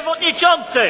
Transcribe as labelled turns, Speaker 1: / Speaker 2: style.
Speaker 1: przewodniczący!